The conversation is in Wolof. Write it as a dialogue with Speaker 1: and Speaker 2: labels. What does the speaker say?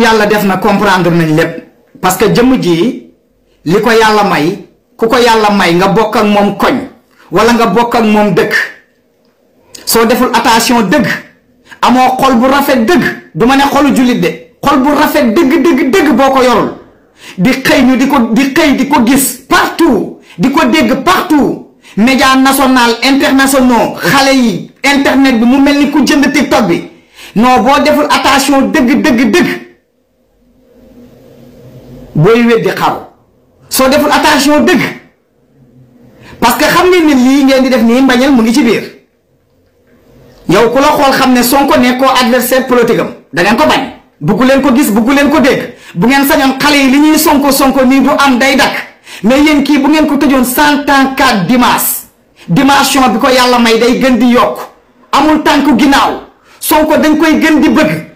Speaker 1: yàlla def na comprendre nañ lépp parce que jëmm
Speaker 2: ji li ko yàlla may ku ko yàlla may nga bokk ak moom koñ wala nga bokk ak moom dëkk soo deful attention dëgg amoo xol bu rafet dëgg du ne xolu jullit de xol bu rafet dëgg dëgg dëgg boo ko yorul di xëy ñu di ko di di ko gis partout di ko dégg partout média national internationaux xale yi internet bi mu mel ni ku jënd TikTok bi non boo deful attention dëgg dëgg dëgg booy weddi xaru soo deful attention dëgg parce que xam ngeen ne lii ngeen di def nii mbañal mu ngi ci biir yow ku la xool xam ne Sonko nekkoo adversaire politique am da ngeen ko bañ buggu leen ko gis buggu leen ko dégg bu ngeen sañoon xale yi li ñuy Sonko Sonko nii du am day dakk mais yéen kii bu ngeen ko tëjoon cent ans quatre dimanche
Speaker 1: dimension bi ko yàlla may day gën di yokk amul tànk ginnaaw Sonko dañ koy gën di bëgg